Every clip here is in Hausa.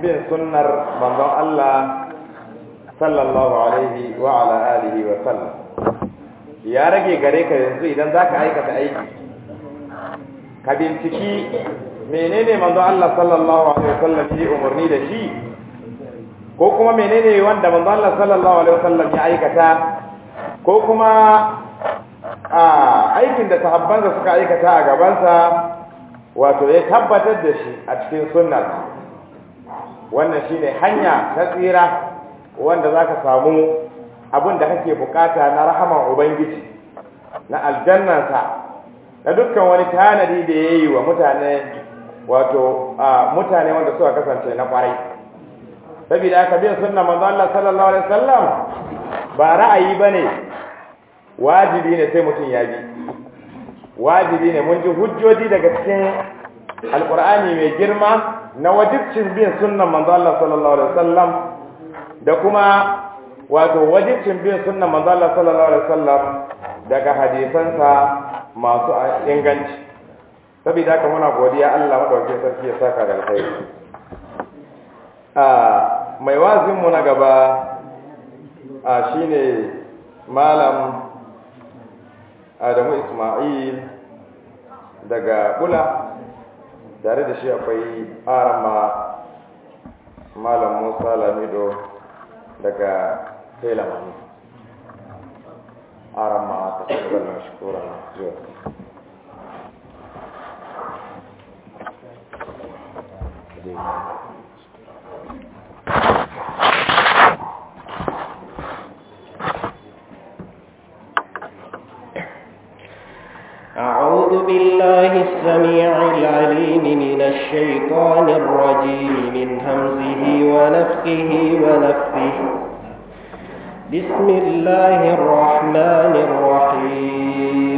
bin sunnar manzon Allah sallallahu alaihi wa ala alihi wa sallam ya rage gare ka yanzu idan zaka aikata aiki ka binciki menene manzo Allah sallallahu alaihi sallam ya umarni da shi ko kuma menene wanda manzo Allah sallallahu alaihi sallam ya aikata ko kuma a aikin da sahabban suka aikata a gabansa wato ya tabbatar da shi a cikin sunnar wannan shine hanya ta tsira wanda zaka samu abin da kake bukata na rahaman ubangiji na aljannansa da dukkan wani tanadi da yayi wa mutane wato mutane wanda suka kasance na kwarai saboda aka bin sunna manzo Allah sallallahu alaihi wasallam ba ra'ayi bane wajibi ne sai mutum ya bi wajibi ne mun ji hujjoji daga cikin alqur'ani mai girma na wajibcin bin sunnan manzo Allah sallallahu alaihi wasallam da kuma wato wajibcin bin sunnan manzo Allah sallallahu alaihi wasallam daga hadisansa masu inganci saboda haka muna godiya Allah madaukakin sarki ya saka da alkhairi a mai wazin mu na gaba a shine malam Adamu Ismail daga Kula tare da shi akwai arama malam musa lamido daga telamani arama ta tsibirin na shukura zuwa Thank you. أعوذ بالله السميع العليم من الشيطان الرجيم من همزه ونفخه ونفخه بسم الله الرحمن الرحيم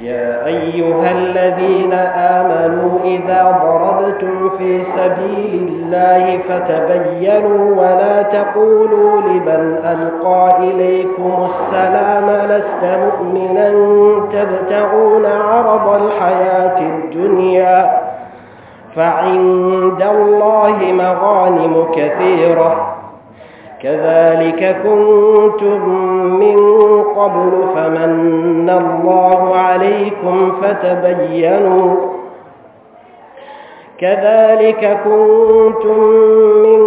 يا أيها الذين آمنوا إذا ضربتم في سبيل الله فتبينوا ولا تقولوا لمن ألقى إليكم السلام لست مؤمنا تبتغون عرض الحياة الدنيا فعند الله مغانم كثيرة كذلك كنتم من قبل فمن الله عليكم فتبينوا كذلك كنتم من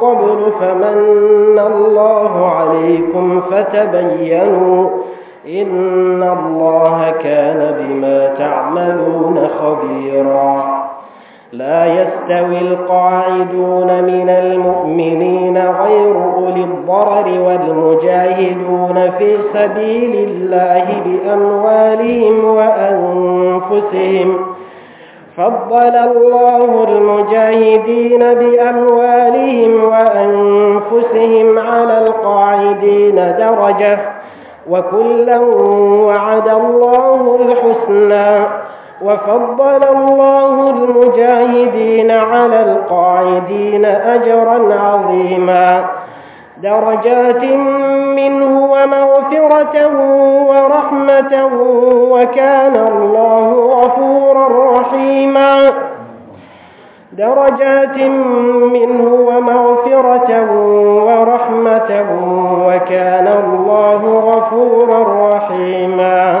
قبل فمن الله عليكم فتبينوا إن الله كان بما تعملون خبيراً لا يستوي القاعدون من المؤمنين غير اولي الضرر والمجاهدون في سبيل الله باموالهم وانفسهم فضل الله المجاهدين باموالهم وانفسهم على القاعدين درجه وكلا وعد الله الحسنى وفضل الله المجاهدين على القاعدين أجرا عظيما درجات منه ومغفرة ورحمة وكان الله غفورا رحيما درجات منه ومغفرة ورحمة وكان الله غفورا رحيما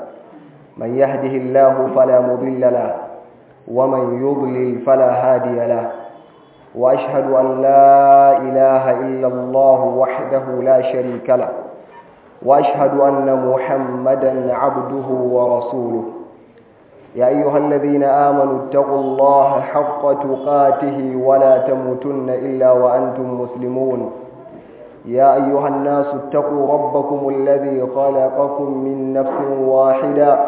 من يهده الله فلا مضل له ومن يضلل فلا هادي له وأشهد أن لا إله إلا الله وحده لا شريك له وأشهد أن محمدا عبده ورسوله يا أيها الذين آمنوا اتقوا الله حق تقاته ولا تموتن إلا وأنتم مسلمون يا أيها الناس اتقوا ربكم الذي خلقكم من نفس واحدة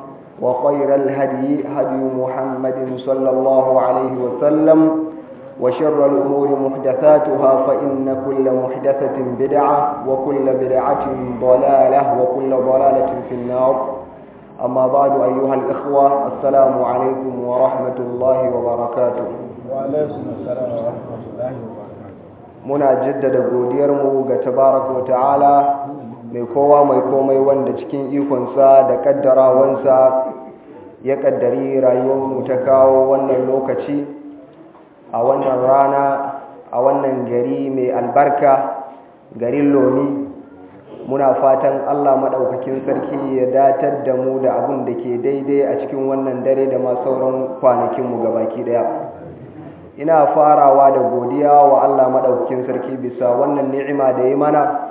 وخير الهدي هدي محمد صلى الله عليه وسلم وشر الأمور محدثاتها فإن كل محدثة بدعة وكل بدعة ضلالة وكل ضلالة في النار أما بعد أيها الإخوة السلام عليكم ورحمة الله وبركاته وعليكم السلام ورحمة الله وبركاته منا جدد قديرمو تبارك وتعالى mai kowa mai komai wanda cikin ikonsa da kaddarawansa ya kaddari rayuwarmu ta kawo wannan lokaci a wannan rana a wannan gari mai albarka garin lomi muna fatan allah maɗaukakin sarki ya datar da mu da abin da ke daidai a cikin wannan dare da ma sauran kwanakinmu gabaki ɗaya ina farawa da godiya wa allah maɗaukakin sarki bisa wannan ni'ima da ya mana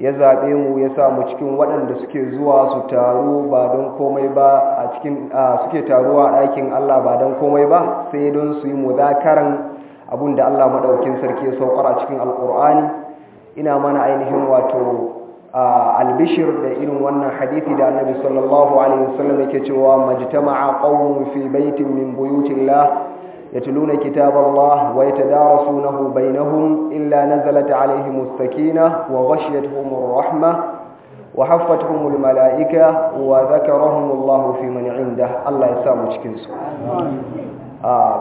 ya zaɓe mu ya sa mu cikin waɗanda suke zuwa su taru ba don komai ba a cikin suke taruwa a ɗakin Allah ba don komai ba sai don su yi muzakaran abun da Allah maɗaukin sarki ya saukar a cikin alƙur'ani ina mana ainihin wato albishir da irin wannan hadithi da annabi sallallahu alaihi wasallam yake cewa majtama'a qaumun fi baitin min buyutillah يتلون كتاب الله ويتدارسونه بينهم إلا نزلت عليهم السكينة وغشيتهم الرحمة وحفتهم الملائكة وذكرهم الله في من عنده الله يسامو cikinsu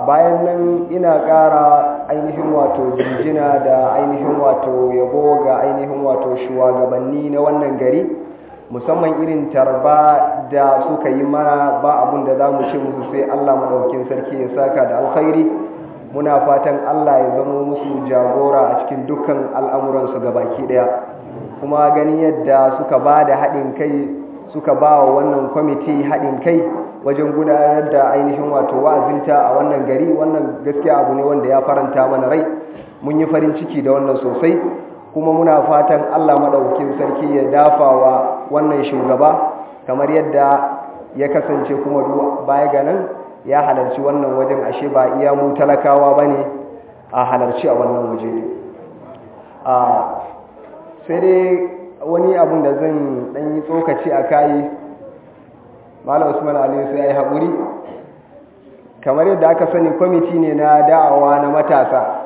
bayan nan ina ƙara ainihin wato jinjina da ainihin wato yabo ga ainihin wato shugabanni na wannan gari musamman irin tarba da suka yi mana ba abun da za mu ce musu sai Allah maɗaukin sarki ya saka da alkhairi muna fatan Allah ya zama musu jagora a cikin dukkan al'amuransu baki ɗaya kuma gani yadda suka ba da haɗin kai suka ba wa wannan kwamiti haɗin kai wajen gudanar da ainihin wato wa'azinta a wannan gari wannan gaskiya abu ne wanda ya faranta mana rai mun yi farin ciki da wannan sosai kuma muna fatan Allah maɗaukin sarki ya dafawa wannan shugaba kamar yadda ya kasance kuma duk baya ganin ya halarci wannan wajen ashe ba iya mu talakawa ba ne a halarci a wannan waje ne sai dai wani abun da zan ɗan yi tsokaci a kayi malam usman Ali sai ya yi haƙuri kamar yadda aka sani kwamiti ne na da'awa na matasa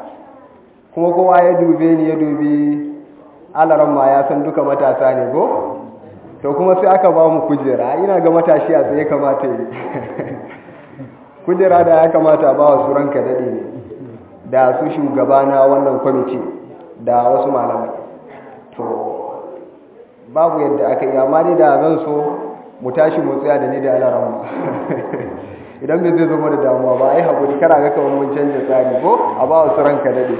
kuma kowa ya dube ni ya dubi alaran ma ya san duka matasa ne go to kuma sai aka ba mu kujera ina ga matashi a tsaye kamata yi kujera da ya kamata ba wa suran ka daɗe ne da su shugaba na wannan kwamiti da wasu malamai to babu yadda aka yi amma da zan so mu tashi mu tsaya da ni da alaran idan bai zai zama da damuwa ba ai haƙuri kana ga kamar mun canja tsari ko a ba wasu ranka dade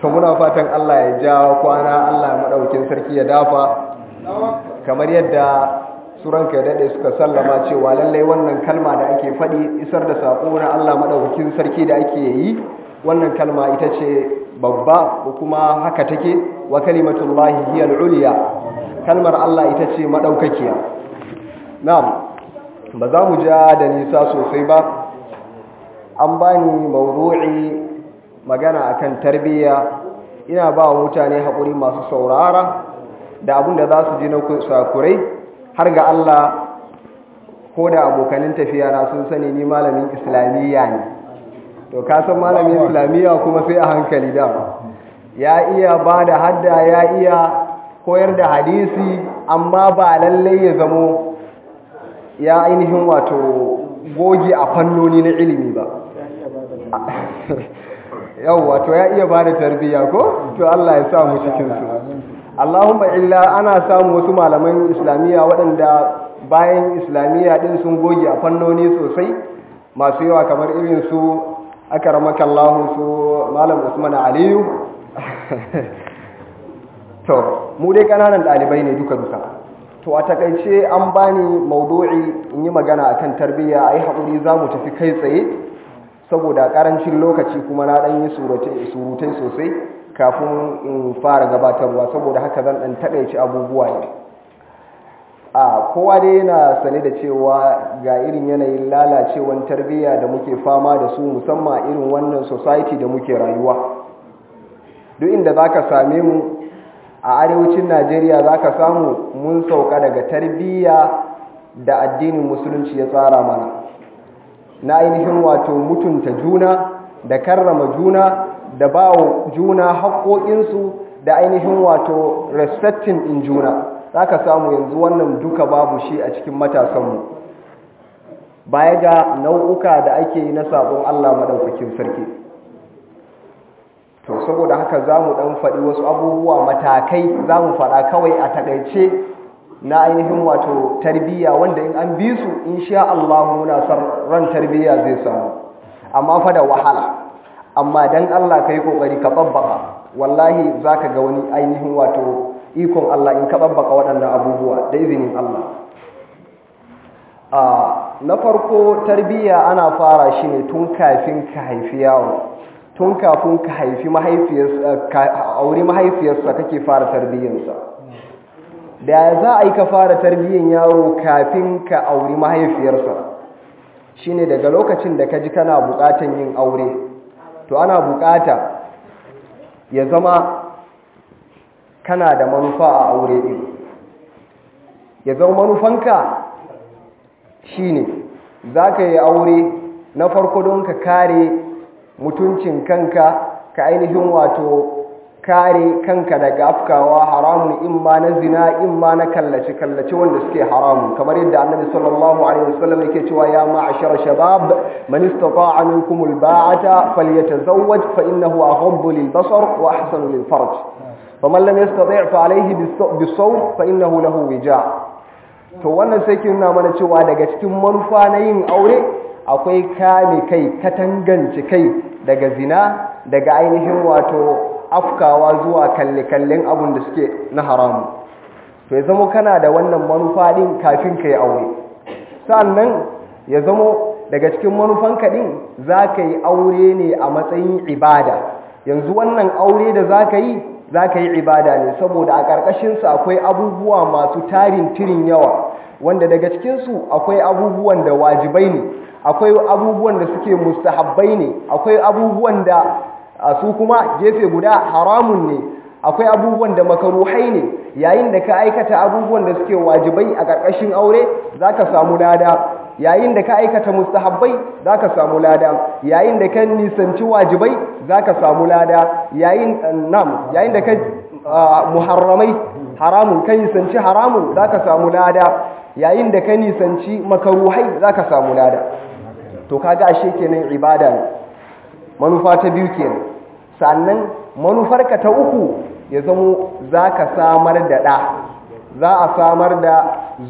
to muna fatan Allah ya ja kwana Allah ya madaukin sarki ya dafa kamar yadda su ka daɗe suka sallama cewa lallai wannan kalma da ake faɗi isar da saƙo na Allah maɗaukakin sarki da ake yi wannan kalma ita ce babba ko kuma haka take wa kalimatullahi hiya al-ulya kalmar Allah ita ce madaukakiya na'am ba za mu ja da nisa sosai ba an bani mawdu'i magana akan tarbiyya ina ba mutane haƙuri masu saurara da abin da za su ji na kurai har ga Allah ko da abokanin tafiya na sun sani ni malamin islamiyya ne to ka san malamin islamiyya kuma sai a hankali da. ya iya ba da hadda ya iya koyar da hadisi amma ba lallai ya zamo ya ainihin wato goge a fannoni na ilimi ba yau wato ya iya ba da tarbiyya ko to Allah ya sa mu cikinsu Allahumma illa ana samu wasu malaman islamiyya waɗanda bayan islamiyya ɗin sun goge a fannoni sosai masu yawa kamar irin su aka ramaka Allahun su malam Usman Aliyu to mu dai ƙananan ɗalibai ne duka duka to a takaice an bani maudu'i in yi magana a kan tarbiyya a yi haƙuri za mu tafi kai tsaye saboda ƙarancin lokaci kuma na ɗan yi surutai sosai kafin in fara gabatarwa saboda haka zan ɗan taɗaici abubuwa ne a kowa dai yana sane da cewa ga irin yanayin lalacewan tarbiyya da muke fama da su musamman irin wannan society da muke rayuwa duk inda za ka same mu a arewacin najeriya za ka samu mun sauka daga tarbiyya da addinin musulunci ya tsara mana na ainihin wato mutunta juna da karrama juna da ba juna haƙoƙinsu da ainihin wato respectin in juna za ka samu yanzu wannan duka babu shi a cikin matasanmu baya ga nau'uka da ake yi na sabon Allah maɗaukakin sarki to saboda haka za mu ɗan faɗi wasu abubuwa matakai za mu faɗa kawai a taƙaice na ainihin wato tarbiyya wanda in an bi su insha Allah muna san ran tarbiyya zai samu amma fa da wahala amma dan Allah ka yi ƙoƙari ka ɓabbaka wallahi za ka ga wani ainihin wato ikon Allah in ka ɓabbaka waɗannan abubuwa da izinin Allah na farko tarbiyya ana fara shi ne tun kafin ka haifi yawo tun kafin ka haifi eh, auri mahaifiyarsa kake fara tarbiyyarsa da za a yi ka fara tarbiyyar yaro kafin ka auri mahaifiyarsa shi ne daga lokacin da ka ji kana bukatan yin aure to ana bukata ya zama kana da manufa a aure din ya zama manufanka shine ka yi aure na farko don ka kare mutuncin kanka ka ainihin wato kare kanka daga afkawa haramun in ma na zina in imma na kallace kallace wanda suke haramun kamar yadda annabi sallallahu alaihi wasallam yake cewa ya ma'ashara shabab man istata'a minkum alba'ata falyatazawwaj fa innahu aghaddu lilbasar wa ahsanu lilfarj man lam yastati' fa alayhi bisawm fa innahu lahu wija' to wannan sai kin nuna mana cewa daga cikin manufa na yin aure akwai kame kai katangance kai daga zina daga ainihin wato afkawa zuwa kalle-kallen abin da suke na haramu to ya zamo kana da wannan manufa ɗin kafin ka yi aure sannan ya zamo daga cikin manufanka ɗin za ka yi aure ne a matsayin ibada yanzu wannan aure da za ka yi za ka yi ibada ne saboda a ƙarƙashinsu akwai abubuwa masu tarin tirin yawa wanda daga cikinsu akwai abubuwan da wajibai ne akwai abubuwan da suke mustahabbai ne akwai abubuwan da a su kuma gefe guda haramun ne akwai abubuwan da makaruhai ne yayin da ka aikata abubuwan da suke wajibai a ƙarƙashin aure za ka samu lada yayin da ka aikata mustahabbai za ka samu lada yayin da ka nisanci wajibai za ka samu lada yayin nam yayin da ka muharramai haramun ka nisanci haramun za ka samu lada yayin da ka nisanci makaruhai za ka samu lada to kaga ashe kenan ibada ne manufa ta biyu kenan sannan manufarka ta uku ya zamo za ka samar da ɗa za a samar da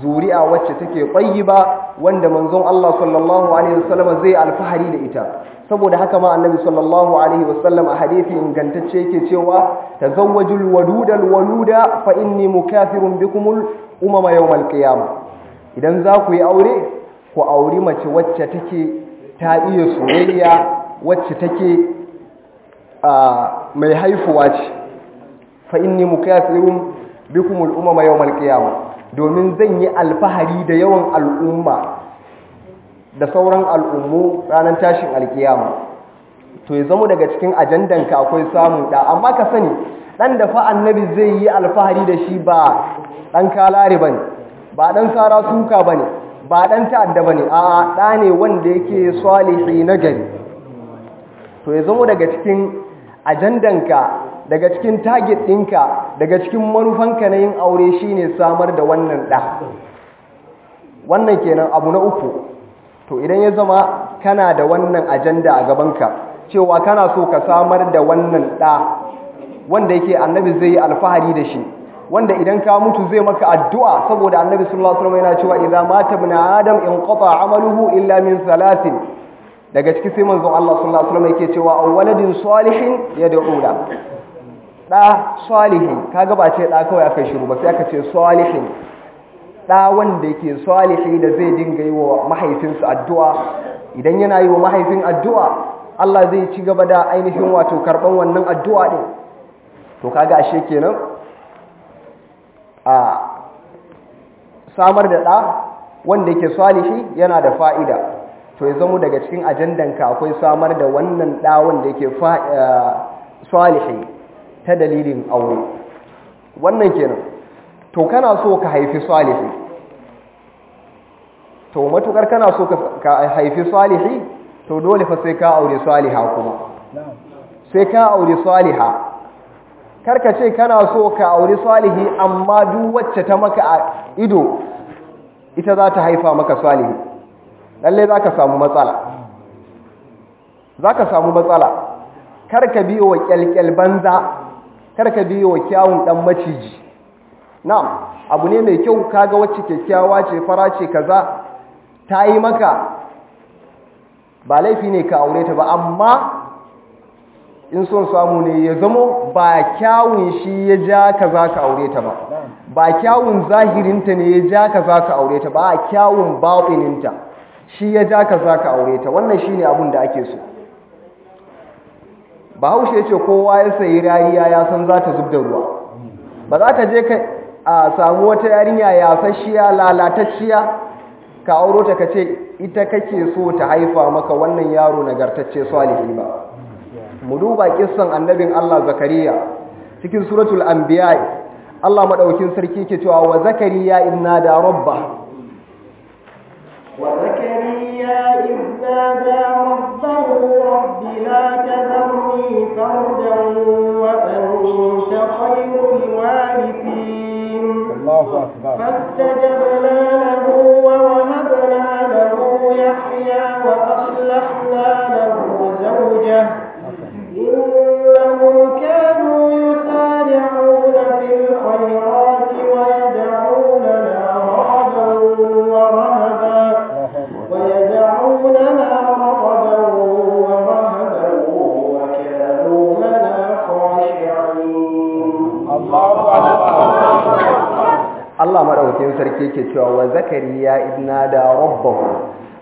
zuri'a wacce take ƙwayi ba wanda manzon Allah sallallahu Alaihi wasallam zai alfahari da ita saboda haka ma annabi sallallahu Alaihi wasallam a hadithi ingantacce yake cewa ta zawajul wadudal waluda fa inni mukafirun bikumul umama yau malkiyama idan za ku yi aure ku auri mace wacce take ta iya soyayya wacce take mai haifuwa ce fa inni mukafirun bikumul umama yawmal qiyamah domin zan yi alfahari da yawan al'umma da sauran al'ummu ranar tashin alkiyama to ya zama daga cikin ajandanka akwai samun da amma ka sani dan da fa annabi zai yi alfahari da shi ba kalari ba bane ba dan sara suka bane ba dan ta'adda bane a da ne wanda yake salihi na gari to ya zama daga cikin ajandanka daga cikin target ɗinka daga cikin manufanka na yin aure shine samar da wannan ɗa wannan kenan abu na uku to idan ya zama kana da wannan ajanda a gabanka cewa kana so ka samar da wannan ɗa wanda yake annabi zai yi alfahari da shi wanda idan ka mutu zai maka addu'a saboda annabi sallallahu alaihi wasallam yana cewa idza mata ibn adam in qata amaluhu illa min daga ciki sai manzon Allah sallallahu alaihi wasallam yake cewa aw waladin salihin yad'u la da salihin kaga ba ce da kawai aka shiru ba sai aka ce salihin da wanda yake salihi da zai dinga yi wa mahaifinsa addu'a idan yana yi wa mahaifin addu'a Allah zai ci gaba da ainihin wato karban wannan addu'a din to kaga ashe kenan a samar da da wanda yake salihi yana da fa'ida to ya zama daga cikin ajandanka akwai samar da wannan ɗawon da yake eh, salihi ta dalilin aure wannan kenan to kana so ka haifi salihi to matukar kana so ka haifi salihi to dole fa sai ka aure saliha kuma sai ka aure saliha karka ce kana so ka aure salihi amma duk wacce ta maka ido ita za ta haifa maka salihi lalle za ka samu matsala za ka samu matsala kar ka biyo wa kyalkyal banza kar ka biyo wa kyawun ɗan maciji na'am abu ne mai kyau kaga wacce kyakkyawa ce fara ce kaza ta yi maka ba laifi ne ka aure ta ba amma in son samu ne ya zamo ba kyawun shi ya ja ka za ka aure ta ba ba kyawun zahirinta ne ya ja ka za ka aure ta ba kyawun baɗininta shi ya ja ka za ka aure ta wannan shi ne abin da ake so bahaushe ya ce kowa ya sayi rariya ya san za ta zub da ruwa ba za ka je ka a samu wata yarinya ya yasashiya lalatacciya ka auro ta ka ce ita kake so ta haifa maka wannan yaro nagartacce salihi ba mu duba kissan annabin Allah zakariya cikin suratul anbiya Allah madaukin sarki ke cewa wa zakariya inna da rabba وزكريا إذ نادى ربه رب لا تذرني فردا وأنت خير الوارثين الله أكبر gaske yake cewa wa zakariya idna da rabbahu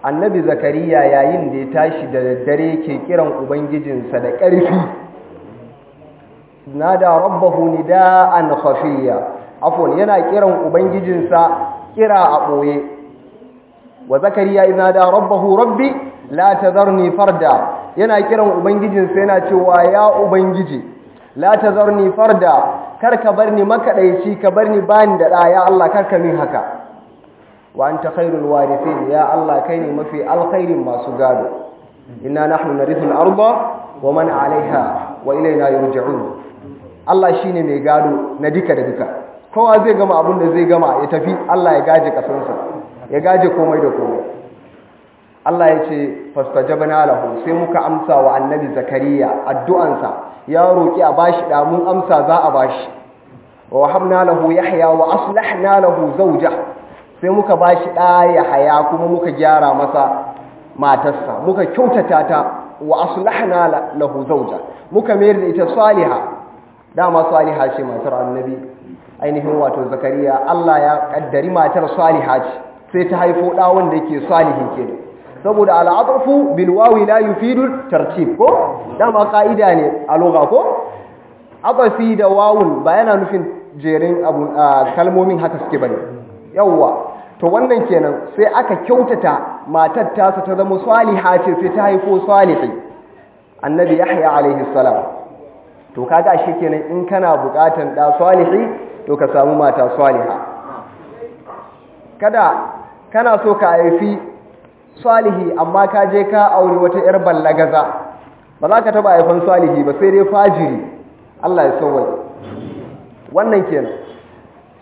annabi zakariya yayin da ya tashi da daddare ke kiran ubangijinsa da ƙarfi da rabbahu nida'an khafiya afwan yana kiran ubangijinsa kira a ɓoye. wa zakariya idna da rabbahu rabbi la tadharni farda yana kiran ubangijinsa yana cewa ya ubangiji la tadharni farda kar ka bar ni makaɗaici ka bar ni bani da ɗa ya Allah kar ka min haka wa anta khairul warithin ya Allah kai ne mafi alkhairin masu gado inna nahnu narithu al-arda wa man 'alayha wa ilayna yurja'un Allah shine mai gado na duka da duka kowa zai gama abin da zai gama ya tafi Allah ya gaje kasansa ya gaje komai da komai Allah ya ce fastajabna lahu sai muka amsa wa annabi zakariya addu'ansa ya roki a bashi damun amsa za a bashi wa hamna lahu yahya wa aslahna lahu zawja sai muka bashi da yahya kuma muka gyara masa matarsa muka kyautata ta wa aslahna lahu zawja muka mayar da ita saliha dama saliha ce matar annabi ainihin wato zakariya Allah ya kaddari matar saliha ce sai ta haifo da wanda yake salihin kenan saboda al'atafu bil wawi la tartib ko dama ka'ida ne a loga ko atafi da wawun ba yana nufin jerin abu kalmomin haka suke bane yawa to wannan kenan sai aka kyautata matar tasa ta zama saliha ce sai ta haifo salihi annabi yahya alaihi salam to kaga ashe kenan in kana bukatan da salihi to ka samu mata saliha kada kana so ka haifi salihi amma ka je ka aure wata yar ballagaza ba za ka taba haifan salihi ba sai dai fajiri Allah ya sauwa wannan kenan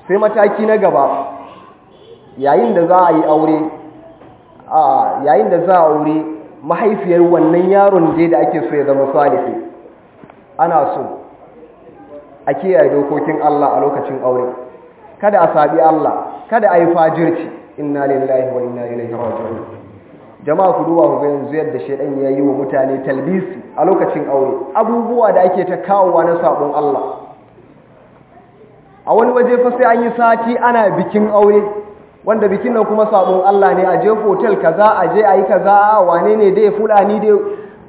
sai mataki na gaba yayin da za a yi aure a yayin da za a aure mahaifiyar wannan yaron dai da ake so ya zama salihi ana so a kiyaye dokokin Allah a lokacin aure kada a sabi Allah kada a yi fajirci inna lillahi wa inna ilaihi raji'un jama'a ku duba ku ga yanzu yadda shedan ya yi wa mutane talbisi a lokacin aure abubuwa da ake ta kawowa na sabon Allah a wani waje fa sai an yi sati ana bikin aure wanda bikin nan kuma sabon Allah ne a je hotel kaza a je ayi kaza wane ne dai fulani dai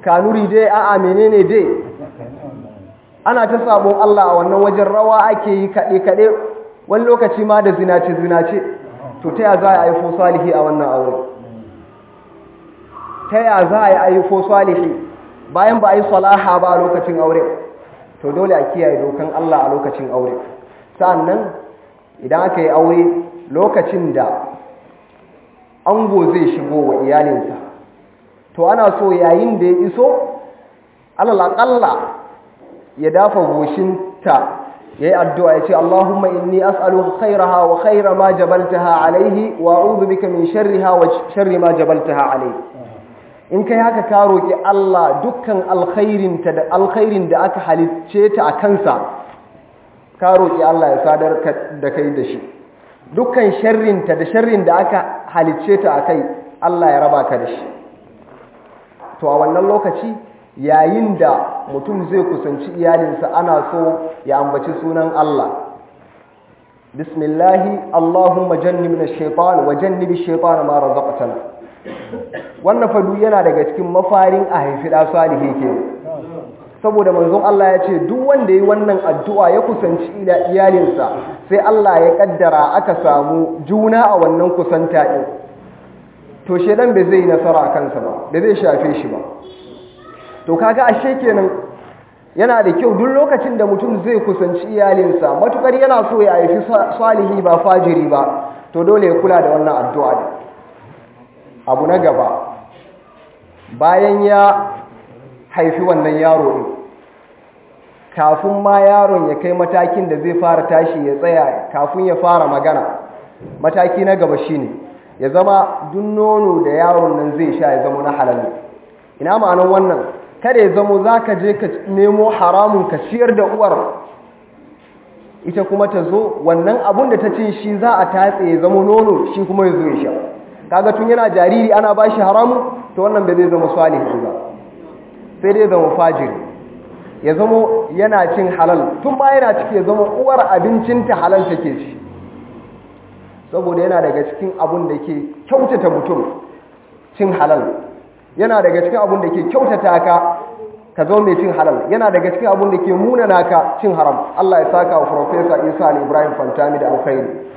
kanuri dai a'a menene dai ana ta sabon Allah a wannan wajen rawa ake yi kade kade wani lokaci ma da zinace zinace to ta ya za a yi fo salihi a wannan aure ta ya za a yi aiko salihi bayan ba a yi salaha ba a lokacin aure to dole a kiyaye dokan Allah a lokacin aure sa'annan idan aka yi aure lokacin da ango zai shigo wa iyalinsa to ana so yayin da ya iso alalakalla ya dafa goshinta ya yi addu'a ya ce Allahumma inni as'alu khairaha wa khaira ma jabaltaha alaihi wa bika min sharriha wa sharri ma jabaltaha alaihi in kai haka ka roƙi Allah dukkan alkhairin da aka halicce ta a kansa ka roƙi Allah ya sadar da kai da shi dukkan sharrinta da sharrin da aka halicce ta a kai Allah ya raba ka da shi to a wannan lokaci yayin da mutum zai kusanci iyalinsa ana so ya ambaci sunan Allah bismillahi allahumma jannibna shaytan wa jannibi shaytan ma razaqtana wannan fadu yana daga cikin mafarin a haifi da salihi ke saboda manzon Allah ya ce duk wanda ya yi wannan addu'a ya kusanci iyalinsa sai Allah ya ƙaddara aka samu juna a wannan kusanta ɗin to shedan bai zai nasara a kansa ba da zai shafe shi ba to kaga ashe kenan yana da kyau duk lokacin da mutum zai kusanci iyalinsa matukar yana so ya haifi salihi ba fajiri ba to dole ya kula da wannan addu'a abu na gaba bayan ya haifi wannan yaro ɗin kafin ma yaron ya kai matakin da zai fara tashi ya tsaya kafin ya fara magana mataki na gaba shi ne. ya zama duk nono da yaron nan zai sha ya zama na halal ina ma'anar wannan kada ya zamo za ka je ka nemo haramun ka ciyar da uwar ita kuma ta zo wannan abun da ta ce shi za a tatse ya zama nono shi kuma ya zo ya sha kaga tun yana jariri ana ba shi haramu to wannan bai zai zama salih ba sai dai zama fajiri ya zama yana cin halal tun ma yana ciki ya zama uwar abincinta halal take ci saboda yana daga cikin abun da ke kyautata mutum cin halal yana daga cikin abun da ke kyautata ka ka zo mai cin halal yana daga cikin abun da ke munana ka cin haram Allah ya saka wa Professor Isa Ibrahim Fantami da alkhairi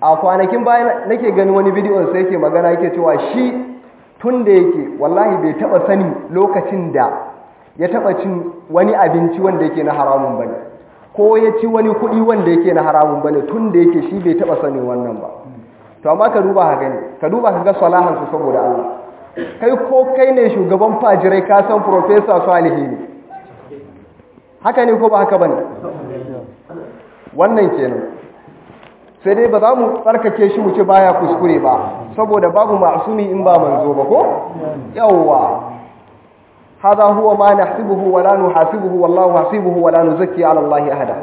a kwanakin baya nake gani wani bidiyon sai yake magana yake cewa shi tun da yake wallahi bai taba sani lokacin da ya taba cin wani abinci wanda yake na haramun bane ko ya ci wani kuɗi wanda yake na haramun bane tun da yake shi bai taba sani wannan ba to amma ka duba ka gani ka duba ka ga salahan su saboda Allah kai ko kai ne shugaban fajirai ka san professor Salihu ne haka ne ko ba haka bane wannan kenan sai dai ba za mu tsarkake shi mu ce baya kuskure ba saboda babu ma'asumi in ba manzo ba ko yawwa za huwa ma nahsibuhu wa la nuhasibuhu wallahu hasibuhu wa la nuzakki ala allahi ahada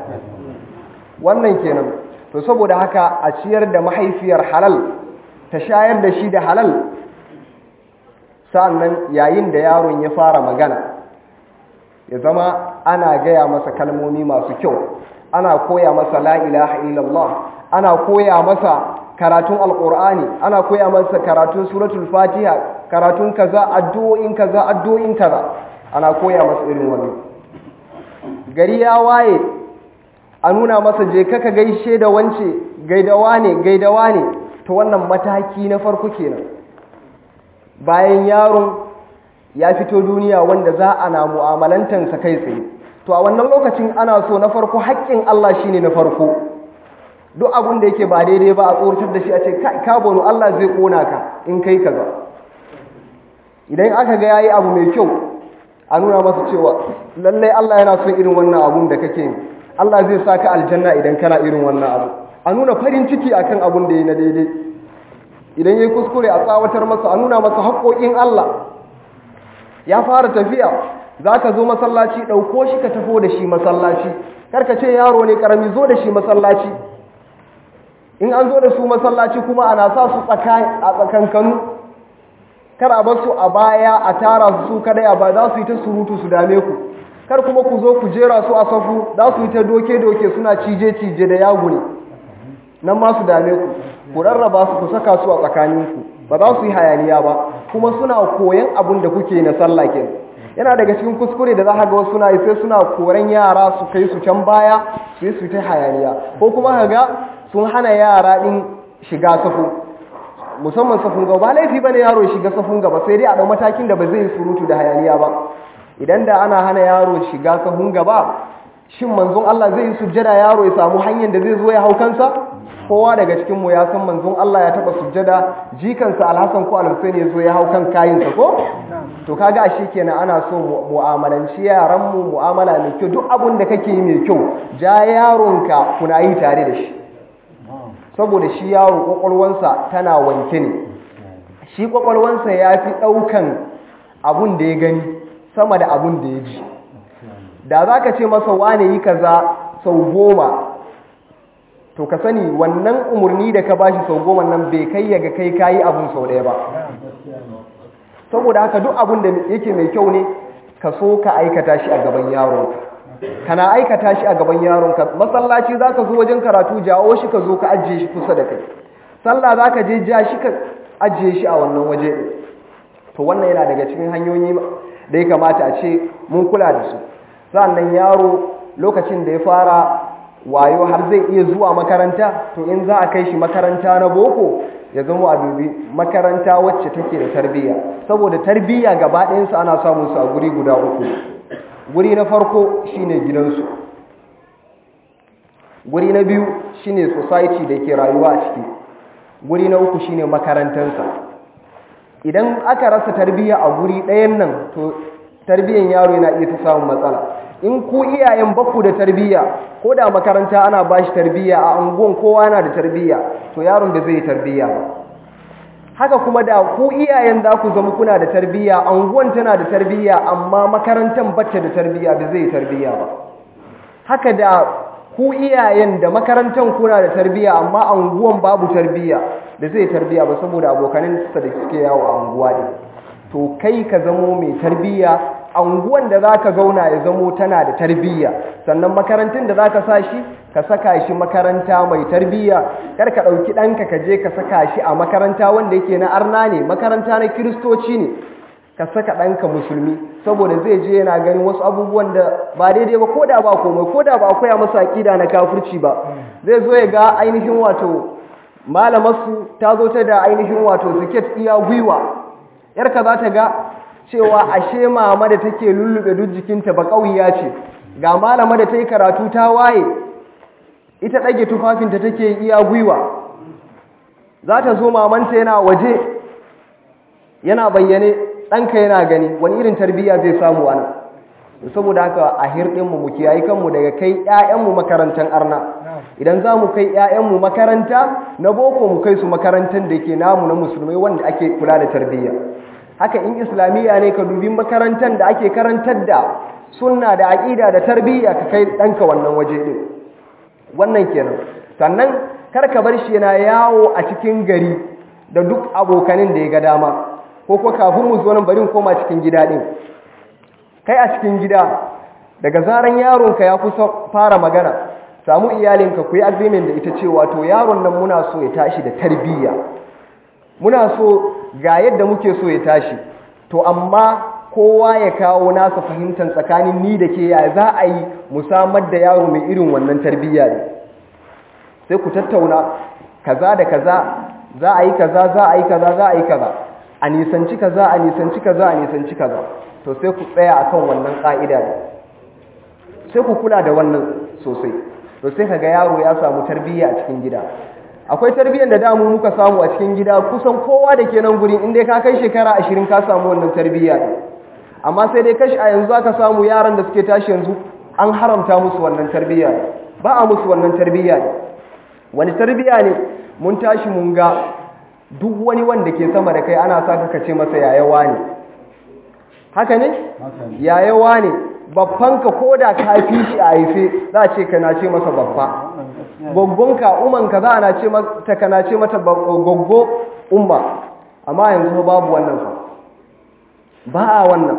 wannan kenan to saboda haka a ciyar da mahaifiyar halal ta shayar da shi da halal sannan yayin da yaron ya fara magana ya zama ana gaya masa kalmomi masu kyau ana koya masa la ilaha illallah ana koya masa karatun Alƙur'ani, ana koya masa karatun suratul fatiha karatun kaza addu'o'in kaza addu'o'in kaza ana koya masa irin wannan gari ya waye a nuna masa je kaka gaishe da wance gaidawa ne gaidawa ne ta wannan mataki na farko kenan bayan yaron ya fito duniya wanda za a na mu'amalantansa kai tsaye to a wannan lokacin ana so na farko haƙƙin Allah shine na farko duk abin da yake ba daidai ba a tsoratar da shi a ce ka Allah zai kona ka in kai kaza idan aka ga yayi abu mai kyau a nuna masa cewa lallai Allah yana son irin wannan abun da kake Allah zai sa ka aljanna idan kana irin wannan abu a nuna farin ciki akan abun da yi na daidai idan yayi kuskure a tsawatar masa a nuna masa haƙoƙin Allah ya fara tafiya zaka zo masallaci ɗauko shi ka tafo da shi masallaci karka ce yaro ne karami zo da shi masallaci in an zo da su masallaci kuma ana sa su a tsakankanu kar a bar a baya a tara su kadai ba za su yi ta surutu su dame ku kar kuma ku zo ku jera su a safu za su yi ta doke-doke suna cije-cije da ne nan ma su dame ku ku rarraba su ku saka su a tsakaninku ba za su yi hayaniya ba kuma suna koyan abin da kuke na sallah yana daga cikin kuskure da za a ga wasu na sai suna koren yara su kai su can baya su yi su ta hayaniya ko kuma ka ga sun hana yara ɗin shiga safu musamman safun gaba ba laifi ne yaro ya shiga safun gaba sai dai a ɗau matakin da ba zai surutu da hayaniya ba idan da ana hana yaro shiga safun gaba shin manzon Allah zai yi sujjada yaro ya samu hanyar da zai zo ya hau kansa kowa daga cikin mu ya san manzon Allah ya taba sujjada jikansa alhassan ko alhussein ya zo ya hau kan kayinsa ko to kaga ashe kenan ana so mu'amalanci yaran mu mu'amala mai kyau duk abin da kake yi mai kyau ja yaronka kuna yi tare da shi saboda shi yaro kwakwalwansa tana wanke ne shi kwakwalwansa ya fi ɗaukan abun da ya gani sama da abun da ya ji da za ka ce masa wane yi kaza sau goma to ka sani wannan umarni da ka bashi sau goma nan bai kai ya ga kai kayi abun sau ɗaya ba saboda haka duk abun da yake mai kyau ne ka so ka aikata shi a gaban yaro. kana aikata shi a gaban yaronka masallaci zaka zo wajen karatu jawo shi ka zo ka ajiye shi kusa da kai sallah zaka je ja shi ka ajiye shi a wannan waje to wannan yana daga cikin hanyoyi da ya kamata a ce mun kula da su sannan yaro lokacin da ya fara wayo har zai iya zuwa makaranta to in za a kai shi makaranta na boko ya zama a dubi makaranta wacce take da tarbiyya saboda tarbiyya gaba ɗayansu ana samun su a guri guda uku wuri na farko shine gidansu guri na biyu shine society da ke rayuwa a ciki guri na uku shine makarantansa idan aka rasa tarbiyya a guri ɗayan nan to tarbiyyan yaro yana iya ta samun matsala in ku iyayen bakku da tarbiyya ko da makaranta ana ba shi tarbiyya a anguwan kowa yana da tarbiyya to yaron da zai yi tarbiyya ba haka kuma da ku iyayen za ku zama kuna da tarbiyya anguwan tana da tarbiyya amma makarantar bacce da tarbiyya ba zai tarbiyya ba haka da ku iyayen da makarantar kuna da tarbiyya amma anguwan babu tarbiyya da zai tarbiyya ba saboda abokanin da suke yawo a anguwa ne to kai ka zamo mai tarbiyya anguwan da zaka zauna ya zamo tana da tarbiyya sannan makarantun da zaka sa shi ka saka shi makaranta mai tarbiyya kar ka ɗauki ɗanka ka je ka saka shi a makaranta wanda yake na arna ne makaranta na kiristoci ne ka saka ɗanka musulmi saboda zai je yana ganin wasu abubuwan da ba daidai ba ko da ba komai ko da ba a masa aƙida na kafurci ba zai zo ya ga ainihin wato malamarsu ta zo ta da ainihin wato siket iya gwiwa yarka za ta ga cewa ashe mama da take lullube duk jikinta ba ƙauya ce ga malama da ta yi karatu ta waye ita ɗage tufafinta take iya gwiwa za ta zo mamanta yana waje yana bayyane ɗanka yana gani wani irin tarbiyya zai samu ana? saboda haka a hirɗinmu mu kiyaye kanmu daga kai 'ya'yanmu makarantar arna idan za mu kai 'ya'yanmu makaranta na boko mu kai su makarantar da ke namu na musulmai wanda ake kula da tarbiyya haka in islamiyya ne ka dubi makarantar da ake karantar da sunna da aƙida da tarbiyya ka kai ɗanka wannan waje ne? wannan kenan sannan kar ka bar shi yana yawo a cikin gari da duk abokanin da ya ga dama ko ko kafin mu zo bari barin koma cikin gida ɗin kai a cikin gida daga zaran ka ya kusa fara magana samu iyalinka ku yi azumin da ita cewa to yaron nan muna so ya tashi da tarbiyya muna so ga yadda muke so ya tashi to amma kowa ya kawo nasa fahimtar tsakanin ni da ke ya za a yi musamman da yaro mai irin wannan tarbiyya ne sai ku tattauna kaza da kaza za a yi kaza za a yi kaza za a yi kaza a nisanci kaza a nisanci kaza a nisanci kaza to sai ku tsaya akan wannan ƙa'ida ne sai ku kula da wannan sosai to sai kaga yaro ya samu tarbiyya a cikin gida akwai tarbiyyar da damu muka samu a cikin gida kusan kowa da ke nan gurin inda ka kai shekara ashirin ka samu wannan tarbiyya amma sai dai kashi a yanzu aka samu yaran da suke tashi yanzu an haramta musu wannan tarbiyya ba a musu wannan tarbiyya ne wani tarbiyya ne mun tashi mun ga duk wani wanda ke sama da kai ana sa ka ce masa yayawa ne haka ne yayawa ne babban ka koda ka fi shi a haife za a ce ka nace ce masa babba gwaggonka umanka za a ce mata kana ce umma amma yanzu babu wannan fa ba a wannan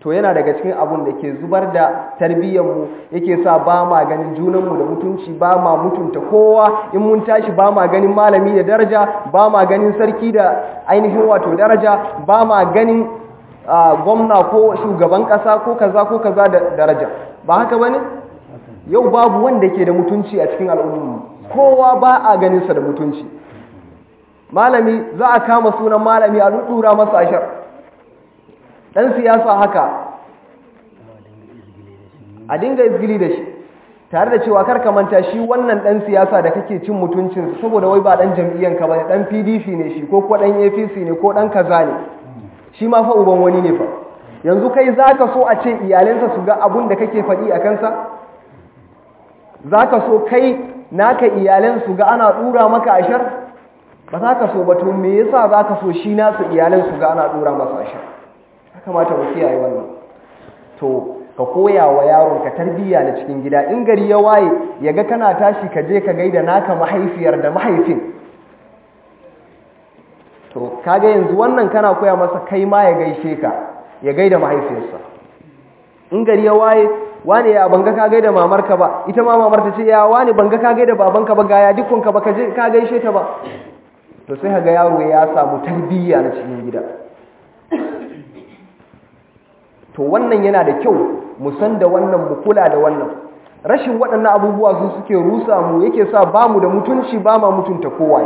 to yana daga cikin abun da ke zubar da tarbiyyarmu yake sa ba ma ganin junanmu da mutunci ba ma mutunta kowa in mun tashi ba ma ganin malami da daraja ba ma ganin sarki da ainihin wato daraja ba ma ganin ah, gwamna ko shugaban ƙasa ko kaza ko kaza da daraja ba haka bane yau babu wanda ke da mutunci a cikin al'ummu kowa ba a ganinsa da mutunci malami za a kama sunan malami a dudura masa ashar dan siyasa haka a dinga izgili da shi tare da cewa kar ka manta shi wannan dan siyasa da kake cin mutuncinsa saboda wai ba dan jam'iyyan ka bane dan PDP ne shi ko ko dan APC ne ko dan kaza ne shi ma fa uban wani ne fa yanzu kai za ka so a ce iyalansa su ga abun da kake faɗi a kansa za ka so kai naka iyalan su ga ana ɗura maka ashar ba za ka so ba to me yasa za ka so shi nasu iyalin su ga ana ɗura masa ashar ya kamata mu kiyaye wannan to ka koya wa yaron ka tarbiyya na cikin gida in gari ya waye ya ga kana tashi ka je ka gaida naka mahaifiyar da mahaifin to ga yanzu wannan kana koya masa kai ma ya gaishe ka ya gaida mahaifiyarsa in gari ya waye wane ya banga ka gaida mamarka ba ita ma mamarta ce ya wane banga ka gaida babanka ba ga ya dukkanka ba ka je ka gaishe ta ba to sai ga yaro ya samu tarbiyya na cikin gida to wannan yana da kyau mu san da wannan mu kula da wannan rashin waɗannan abubuwa su suke rusa mu yake sa ba mu da mutunci ba ma mutunta kowa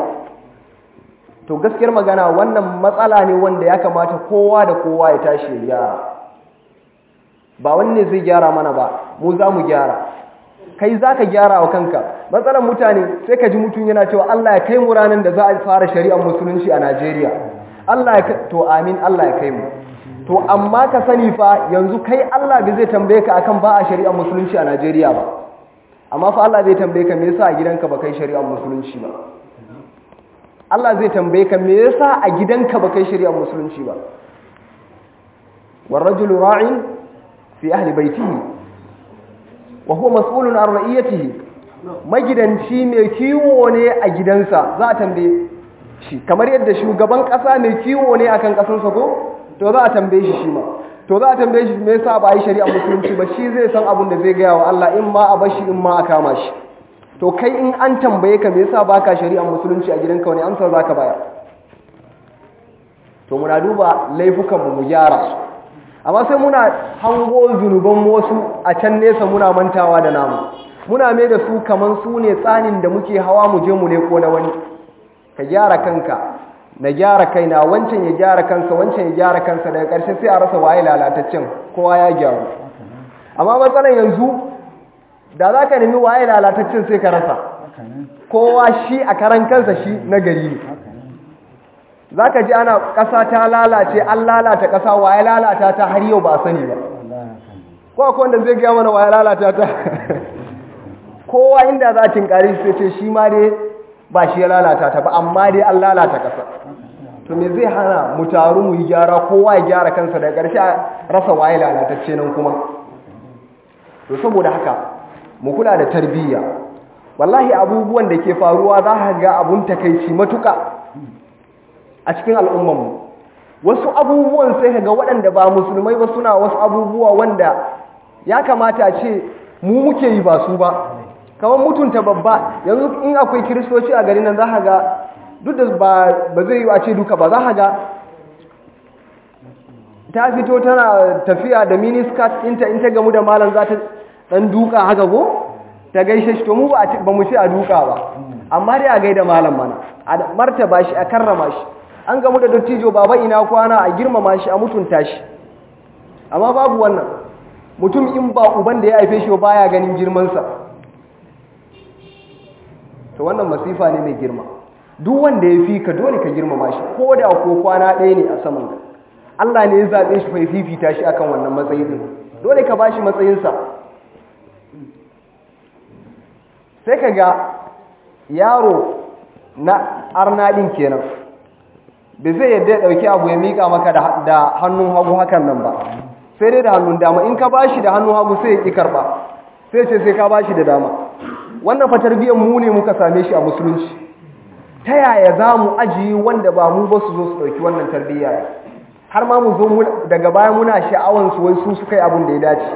to gaskiyar magana wannan matsala ne wanda ya kamata kowa da kowa ya tashi ya ba wanne zai gyara mana ba mu za mu gyara kai za ka gyara wa kanka matsalar mutane sai ka ji mutum yana cewa Allah ya kai mu ranar da za a fara shari'ar musulunci a Najeriya Allah ya to amin Allah ya kai mu to amma ka sani fa yanzu kai Allah bai zai tambaye ka akan ba a shari'ar musulunci a Najeriya ba amma fa Allah zai tambaye ka me yasa a gidanka ba kai shari'ar musulunci ba Allah zai tambaye ka me yasa a gidanka ba kai shari'ar musulunci ba rajulu ra'in fi ahli baitihi wa huwa mas'ulun an ra'iyatihi magidanci mai kiwo ne a gidansa za a tambaye shi kamar yadda shugaban kasa mai kiwo ne akan kasarsa ko to za a tambaye shi shi to za a tambaye shi me yasa ba a yi shari'a musulunci ba shi zai san abin da zai gaya wa Allah in ma a bashi in ma a kama shi to kai in an tambaye ka me yasa baka shari'a musulunci a gidanka wani amsar zaka bayar to muna duba laifukan mu mu gyara su amma sai muna hango zunuban wasu a can nesa muna mantawa da namu muna mai da su kaman su ne tsanin da muke hawa mu je mu leko na wani ka gyara kanka na gyara kaina wancan ya gyara kansa wancan ya gyara kansa daga ƙarshe sai a rasa waye lalataccen kowa ya gyaru amma matsalan yanzu da za ka nemi waye lalataccen sai ka rasa kowa shi a karan kansa shi na gari ne za ka ji ana ƙasa ta lalace an lalata ƙasa Wa ya lalata ta har yau ba sani ba ko akwai wanda zai gaya mana wa ya lalata ta kowa inda za a tinkari sai ce shi ma dai ba shi ya lalata ta ba amma dai an lalata ƙasa to me zai hana mu taru mu yi gyara kowa ya gyara kansa daga ƙarshe a rasa wa lalata lalatacce nan kuma to saboda haka mu kula da tarbiyya wallahi abubuwan da ke faruwa za a ga abun takaici matuƙa a cikin al'ummanmu wasu abubuwan sai ga waɗanda ba musulmai ba suna wasu abubuwa wanda ya kamata ce mu muke yi ba su ba kamar mutunta babba yanzu in akwai kiristoci a garin nan za ka ga duk da ba zai yi a ce duka ba za ga ta fito tana tafiya da miniskirt inta in ta gamu da malam za ta ɗan duka haka ko ta gaishe shi to mu ba mu ce a duka ba amma dai a gaida malam mana a martaba shi a karrama shi an gamu da dattijo baba ina kwana a girmama shi a mutunta shi amma babu wannan mutum in ba uban da ya haife shi baya ganin girmansa to wannan masifa ne mai girma duk wanda ya fi ka dole ka girmama shi ko da ko kwana ɗaya ne a saman ka Allah ne ya zaɓe shi ya fifita shi akan wannan matsayi din dole ka bashi matsayinsa sai ka ga yaro na arna kenan bai zai yadda ya ɗauki abu ya miƙa maka da hannun hagu hakan nan ba sai dai da hannun dama in ka ba shi da hannun hagu sai ya ƙi karɓa sai ce sai ka ba shi da dama wannan fatar biyan mu ne muka same shi a musulunci ta yaya za mu ajiye wanda ba mu ba su zo su ɗauki wannan tarbiyya har ma mu zo daga baya muna sha'awan su wai su suka yi abin da ya dace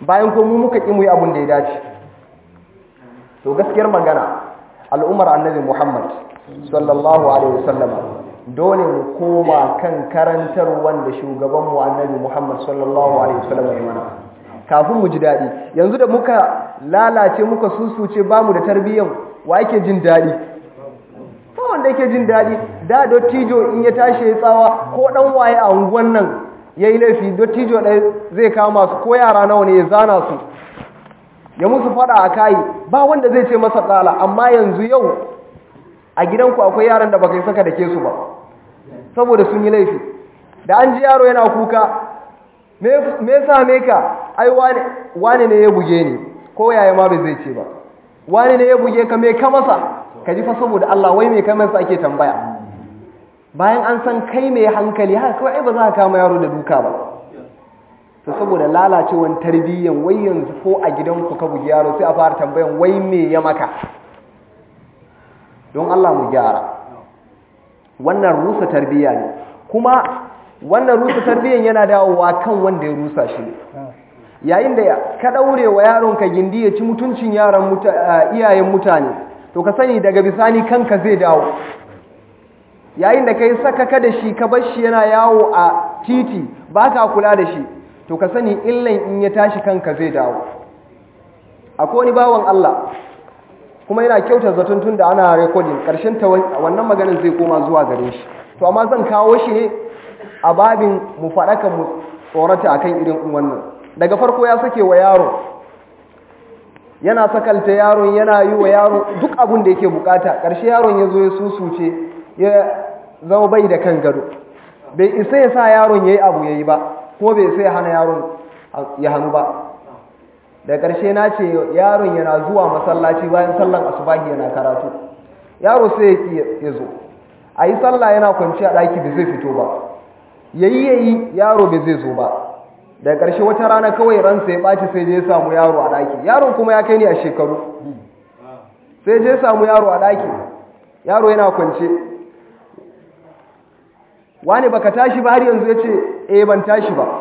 bayan ko mu muka ƙi mu yi abin da ya dace to gaskiyar magana al'ummar annabi muhammad sallallahu alaihi wasallama dole mu koma kan karantar wanda shugabanmu annabi Muhammad sallallahu alaihi wasallam ya mana kafin mu ji dadi yanzu da muka lalace muka susuce bamu da tarbiyyar wa yake jin dadi fa wanda yake jin dadi da dottijo in ya tashi ya tsawa ko dan waye a unguwan nan yayi laifi dottijo dai zai kama su ko yara nawa ne ya zana su ya musu fada a kai ba wanda zai ce masa tsala amma yanzu yau a gidanku akwai yaran da baka saka da ke su ba saboda sun yi laifi da an ji yaro yana kuka me yasa me ka ai wani ne ya buge ni ko yaya ma bai zai ce ba Wani ne ya buge ka me ka masa ka ji fa saboda Allah wai me ka masa ake tambaya bayan an san kai mai hankali haka kawai ba za ka kama yaro da duka ba to saboda lalacewan tarbiyyan wai yanzu ko a gidan ku ka bugi yaro sai a fara tambayan wai me ya maka don Allah mu gyara wannan rusa tarbiyya ne kuma wannan rusa tarbiyyan yana dawowa kan wanda ya rusa shi ne yayin da ka daure wa yaron ka gindi ya ci mutuncin yaran eh, iyayen mutane to ka sani daga bisani kanka zai dawo yayin da ka saka ka da shi ka bar shi yana yawo a titi baka kula da shi to ka sani illan in ya tashi kanka zai dawo akwai wani bawan Allah kuma yana kyauta zaton tun da ana rekodin ƙarshen ta wannan maganin zai koma zuwa gare shi to amma zan kawo shi ne a babin mu faɗaka mu tsorata a kan irin wannan daga farko ya sake wa yaro yana sakalta yaron yana yi wa yaro duk abin da yake bukata ƙarshe yaron ya zo ya susuce ya zama bai da kan gado bai isa ya sa yaron ya yi abu ya yi ba ko bai isa ya hana yaron ya hannu ba da ƙarshe na ce yaron yana zuwa masallaci bayan sallan asubahi yana karatu yaro sai ya ki ya zo a yi sallah yana kwanci a ɗaki bai zai fito ba Ya yi ya yi, yaro bai zai zo ba da ƙarshe wata rana kawai ransa ya ɓaci sai je samu yaro a ɗaki yaron kuma ya kai ni a shekaru sai je samu yaro a ɗaki yaro yana kwance wani baka tashi ba har yanzu ya ce eh ban tashi ba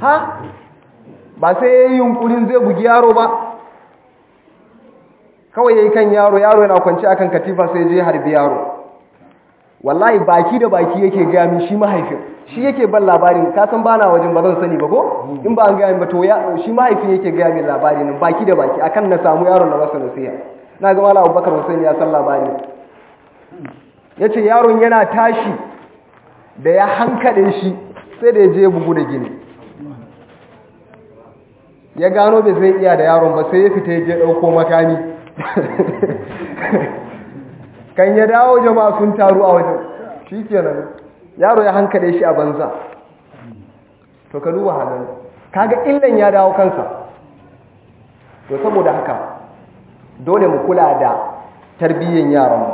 ha ba sai ya yi yunkurin zai bugi yaro ba kawai ya yi kan yaro yaro yana kwanci akan katifa sai je harbi yaro wallahi baki da baki yake gaya min shi mahaifin shi yake ban labarin kasan ba bana wajen ba zan sani ba ko in ba an gaya min ba to ya shi mahaifin yake gaya min labarin baki da baki akan na samu yaron na rasa nasiha na ga malam Abubakar Hussein ya san labarin yace yaron yana tashi da ya hankale shi sai da ya je bugu da gini ya gano bai zai iya da yaron ba sai ya fita ya ɗauko makami kan ya dawo jama'a sun taru a wajen shi yaro ya hankali shi a banza to ka duba halin kaga illan ya dawo kansa to saboda haka dole mu kula da tarbiyyar yaron mu.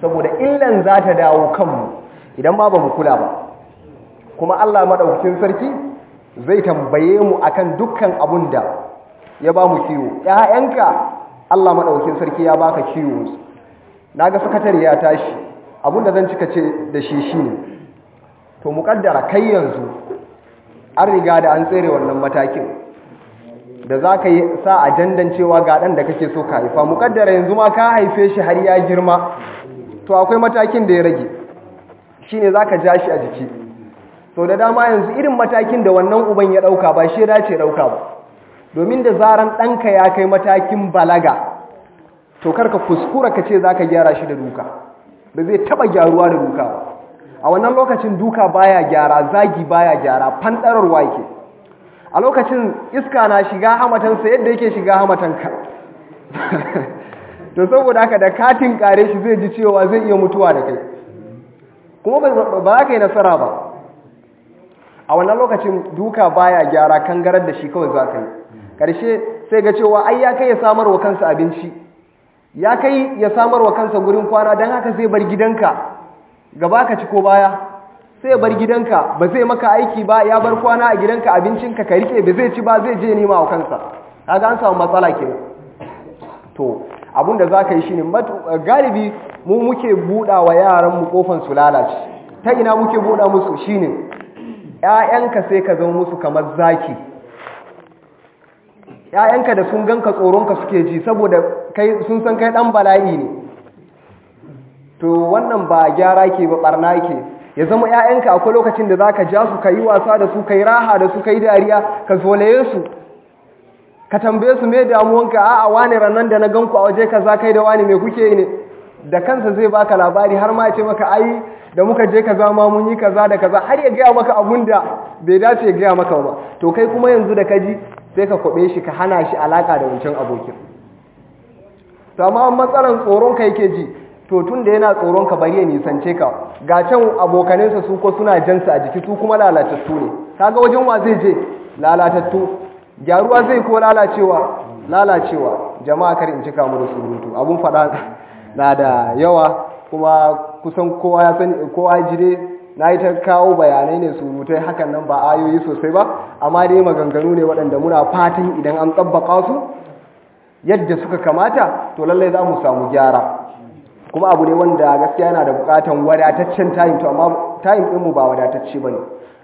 saboda illan za ta dawo kanmu idan ba ba mu kula ba kuma Allah madaukakin sarki zai tambaye mu akan dukkan abun da ya ba mu kiwo ‘ya'yanka Allah maɗaukin sarki ya baka kiwo na ga sakatare ya tashi abun da zan cika ce da shi shi ne to muƙaddara kai yanzu an riga da an tsere wannan matakin da za ka yi sa jandan cewa ga ɗan da kake so ka haifa muƙaddara yanzu ma ka haife shi har ya girma to akwai matakin da ya rage shi ne za ka ja shi a jiki sau da dama yanzu irin matakin da wannan uban ya ɗauka ba shi dace ɗauka ba domin da zaran ɗanka ya kai matakin balaga to karka kuskura ka ce za ka gyara shi da duka ba zai taɓa gyaruwa da duka ba a wannan lokacin duka baya gyara zagi baya gyara fanɗararwa yake a lokacin iska na shiga hamatansa yadda yake shiga hamatanka to saboda haka da katin kare shi zai ji cewa zai iya mutuwa da kai kuma ba za ka yi nasara ba a wannan lokacin duka baya gyara kangarar da shi kawai za ka yi ƙarshe sai ga cewa ai ya kai ya samar wa kansa abinci ya kai ya samar wa kansa gurin kwana don haka zai bar gidanka gaba ka ci ko baya sai bar gidanka ba zai maka aiki ba ya bar kwana a gidanka abincinka ka rike ba zai ci ba zai je nema wa kansa kaga an samu matsala kenan to abun da za ka yi shine galibi mu muke buɗa wa yaran mu kofan su lalace ta ina muke buɗa musu shine ‘ya'yanka sai ka zama musu kamar zaki ‘ya'yanka da sun ganka tsoronka suke ji saboda sun san kai ɗan bala'i ne to wannan ba gyara ke ba ɓarna ke ya zama ‘ya'yanka akwai lokacin da za ka ja su ka yi wasa da su ka yi raha da su ka yi dariya ka zolaye su ka tambaye su mai damuwanka a'a wani da na ganku a waje ka za kai da wani mai kuke ne da kansa zai baka labari har ma ce maka ai da muka je kaza ma mun yi kaza da kaza har ya gaya maka abun da bai dace ya gaya maka ba to kai kuma yanzu da kaji sai ka kwabe shi ka hana shi alaka da wancan abokin to amma matsalan tsoron ka yake ji to tun da yana tsoron ka bari ya nisance ka ga can abokanansa su ko suna jansa a jiki su kuma lalatattu ne kaga wajen wa zai je lalatattu gyaruwa zai ko lalacewa lalacewa jama'a kar in cika mu da surutu abun faɗa na da yawa kuma kusan kowa ya sani kowa jire na yi ta kawo bayanai ne surutai hakan nan ba ayoyi sosai ba amma dai maganganu ne waɗanda muna fatan idan an tsabbaka su yadda suka kamata to lallai za mu samu gyara kuma abu ne wanda gaskiya yana da bukatan wadataccen tayin to amma tayin ɗin mu ba wadatacce ba ne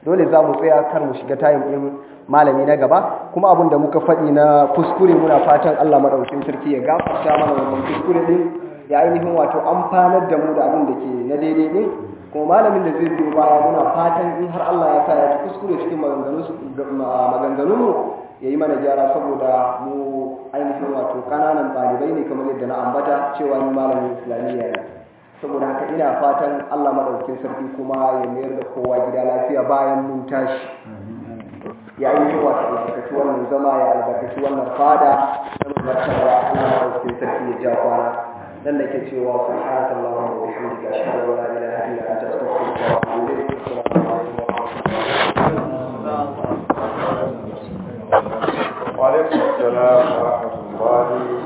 dole za mu tsaya kar mu shiga tayin ɗin malami na gaba kuma abin da muka faɗi na kuskure muna fatan allah maɗaukin sarki ya gafarta mana wannan kuskure ɗin ya ainihin wato an fanar da mu da abin da ke na daidai ne kuma malamin da zai biyo baya muna fatan in har Allah ya sa ya kuskure cikin maganganun mu ya yi mana gyara saboda mu ainihin wato kananan ɗalibai ne kamar yadda na ambata cewa ni malamin islamiyya ne saboda haka ina fatan Allah madaukakin sarki kuma ya mayar da kowa gida lafiya bayan mun tashi ya yi zuwa ta albarkaci wannan zama ya albarkaci wannan fada na mazartarwa Allah sarki ya ja kwana dan da ke cewa subhanaka allahumma wa bihamdika ashhadu an la ilaha illa anta astaghfiruka wa atubu ilayk assalamu alaikum wa rahmatullahi wa barakatuh